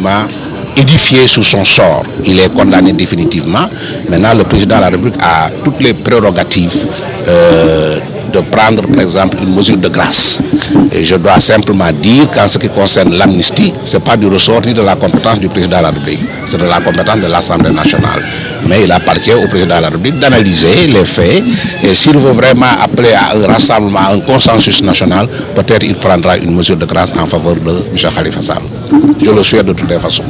définitivement édifié sur son sort. Il est condamné définitivement. Maintenant, le président de la République a toutes les prérogatives euh, de prendre, par exemple, une mesure de grâce. Et je dois simplement dire qu'en ce qui concerne l'amnistie, ce n'est pas du ressort ni de la compétence du président de la République, c'est de la compétence de l'Assemblée nationale. mais il appartient au président de la République d'analyser les faits et s'il veut vraiment appeler à un rassemblement, à un consensus national, peut-être il prendra une mesure de grâce en faveur de M. Khalifa Sall. Je le souhaite de toutes les façons.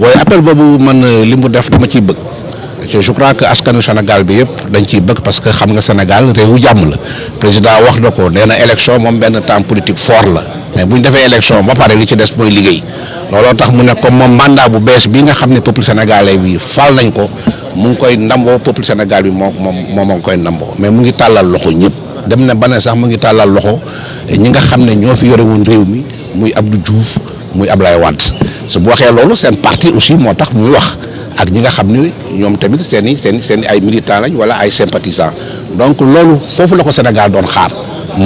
waaye appel boobu man euh, li mu def ma ciy bëgg je crois que askanu Sénégal bi yëpp dañ ciy bëgg parce que xam nga Sénégal réewu jàmm la président wax na ko nee na moom benn temps politique fort la mais bu ñu defee élection ba pare li ci des mooy liggéey looloo tax mu ne comme moom mandat bu bees bii nga xam ne peuple sénégalais bi nañ ko mu ngi koy ndamboo peuple sénégal bi moo moom moo ma ngi koy ndamboo mais mu ngi tàllal loxo ñëpp dem na ba ne sax mu ngi tàllal loxo ñi nga xam ne ñoo fi yore woon réew mi muy ab Abdou juuf muy Ablaye want su bu waxee loolu seen parti aussi moo tax muy wax ak ñi nga xam ni ñoom tamit seen i seen seen ay militants lañ wala ay sympathisants donc loolu foofu la ko Sénégal doon xaar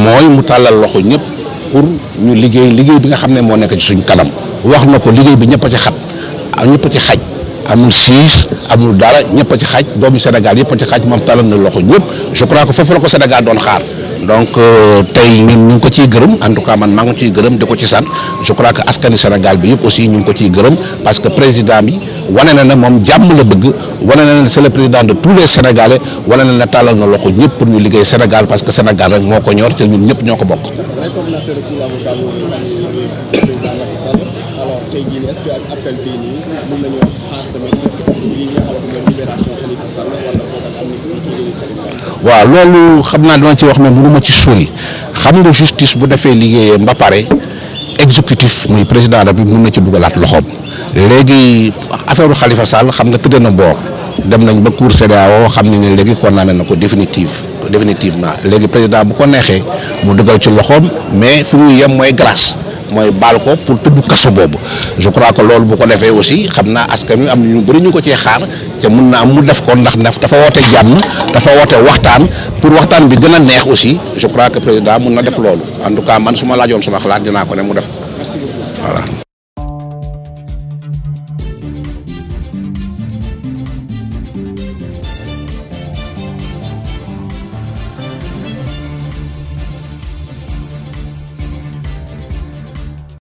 mooy mu tàllal loxo ñëpp pour ñu liggéey liggéey bi nga xam ne moo nekk ci suñ kanam wax na ko liggéey bi ñëpp a ci xat ñëpp a ci xaj. amul siis amul dara ñëpp a ci xaaj doomu Sénégal yëpp a ci xaaj moom tàllal na loxo ñëpp je que foofu ko Sénégal doon xaar donc euh, tey ñun ciy gërëm en tout cas man maa ngi ciy gërëm di ko ci sant je crois que askani Sénégal bi yëpp aussi ñu ngi ko ciy gërëm parce que président bi wane na ne moom jàmm la bëgg wane na le président de tous les Sénégalais wane tàllal na loxo ñëpp pour ñu liggéey Sénégal parce que Sénégal rek moo ko ñor te ñun ñëpp ñoo ko bokk. tey jii est-ce ne libération waaw loolu xam naa dama ci wax ne mënuma ci sori xam nga justice bu defee liggéeyee ba pare exécutif muy président de la République mën na ci dugalaat loxoom léegi affaire xalifa Khalifa Sall xam nga tëddee na boor. dem nañ ba cour CEDEAO xam ne ne léegi condamné na ko définitive définitivement léegi président bu ko neexee mu dugal ci loxoom mais fu muy yem mooy grâce mooy baal ko pour tudd kaso boobu je crois que loolu bu ko defee aussi xam naa askan wi am na ñu bëri ñu ko cee xaar te mun na am mu def koon ndax ndax dafa woote jàmm dafa woote waxtaan pour waxtaan bi gën a neex aussi je crois que président mun na def loolu en tout cas man suma ma laajoon sama xalaat dinaa ko ne mu def ko voilà.